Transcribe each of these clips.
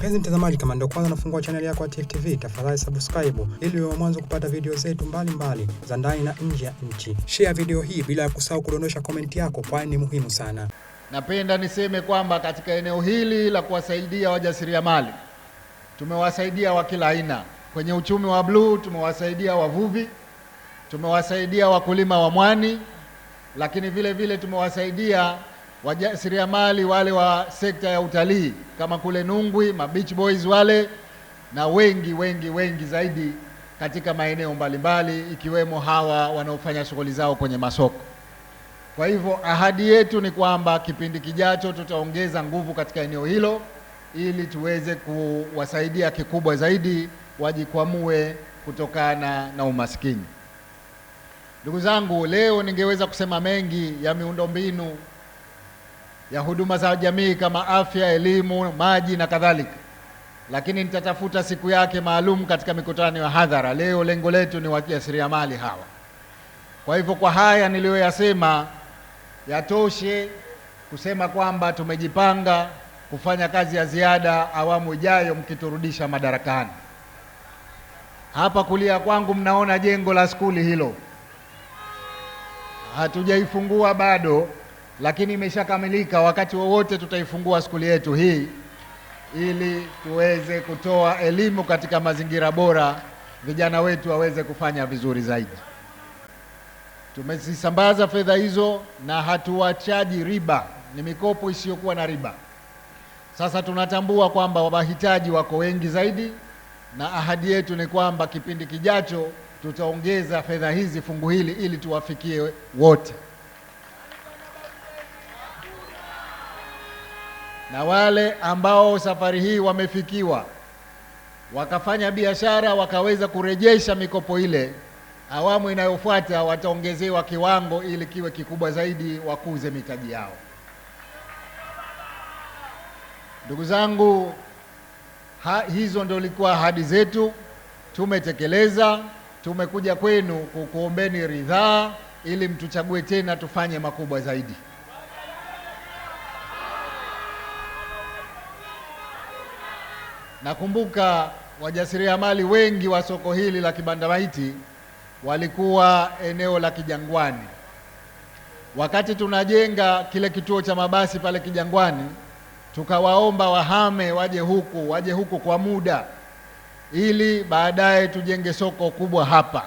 Mpenzi mtazamaji, kama ndio kwanza nafungua chaneli yako ya Tifu TV, tafadhali subscribe ili uwe mwanzo kupata video zetu mbalimbali za ndani na nje ya nchi. Share video hii bila ya kusahau kudondosha komenti yako, kwani ni muhimu sana. Napenda niseme kwamba katika eneo hili la kuwasaidia wajasiriamali tumewasaidia wa kila aina kwenye uchumi wa bluu, tumewasaidia wavuvi, tumewasaidia wakulima wa mwani, lakini vile vile tumewasaidia wajasiriamali wale wa sekta ya utalii kama kule Nungwi, ma beach boys wale na wengi wengi wengi zaidi katika maeneo mbalimbali ikiwemo hawa wanaofanya shughuli zao kwenye masoko. Kwa hivyo ahadi yetu ni kwamba kipindi kijacho tutaongeza nguvu katika eneo hilo ili tuweze kuwasaidia kikubwa zaidi wajikwamue kutokana na umaskini. Ndugu zangu, leo ningeweza kusema mengi ya miundombinu ya huduma za jamii kama afya, elimu, maji na kadhalika, lakini nitatafuta siku yake maalum katika mikutano ya hadhara. Leo lengo letu ni wajasiriamali hawa. Kwa hivyo, kwa haya niliyoyasema, yatoshe kusema kwamba tumejipanga kufanya kazi ya ziada awamu ijayo mkiturudisha madarakani. Hapa kulia kwangu mnaona jengo la skuli hilo, hatujaifungua bado lakini imeshakamilika. Wakati wowote tutaifungua skuli yetu hii ili tuweze kutoa elimu katika mazingira bora, vijana wetu waweze kufanya vizuri zaidi. Tumezisambaza fedha hizo na hatuwachaji riba, ni mikopo isiyokuwa na riba. Sasa tunatambua kwamba wahitaji wako wengi zaidi, na ahadi yetu ni kwamba kipindi kijacho tutaongeza fedha hizi fungu hili ili tuwafikie wote. na wale ambao safari hii wamefikiwa wakafanya biashara wakaweza kurejesha mikopo ile, awamu inayofuata wataongezewa kiwango ili kiwe kikubwa zaidi, wakuze mitaji yao. Ndugu zangu, ha, hizo ndio ilikuwa ahadi zetu, tumetekeleza. Tumekuja kwenu kukuombeni ridhaa ili mtuchague tena tufanye makubwa zaidi. Nakumbuka wajasiriamali wengi wa soko hili la kibanda maiti walikuwa eneo la Kijangwani. Wakati tunajenga kile kituo cha mabasi pale Kijangwani, tukawaomba wahame waje huku, waje huku kwa muda, ili baadaye tujenge soko kubwa hapa.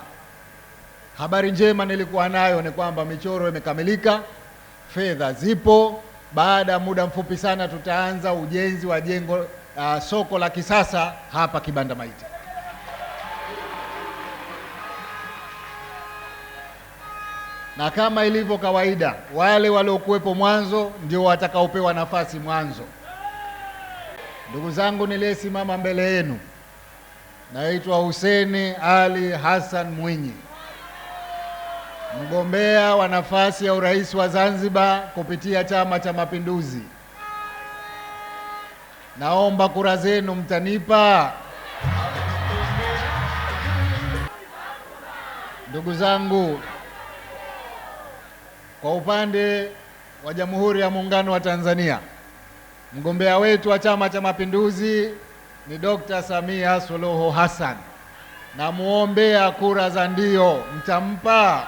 Habari njema nilikuwa nayo ni kwamba michoro imekamilika, fedha zipo. Baada ya muda mfupi sana tutaanza ujenzi wa jengo uh, soko la kisasa hapa Kibanda Maiti. Na kama ilivyo kawaida, wale waliokuwepo mwanzo ndio watakaopewa nafasi mwanzo. Ndugu zangu, niliyesimama mbele yenu naitwa huseni Ali Hassan Mwinyi, mgombea wa nafasi ya urais wa Zanzibar kupitia Chama cha Mapinduzi. Naomba kura zenu mtanipa. Ndugu zangu, kwa upande wa Jamhuri ya Muungano wa Tanzania, mgombea wetu wa Chama cha Mapinduzi ni Dr. Samia Suluhu Hassan. Namuombea kura za ndio, mtampa?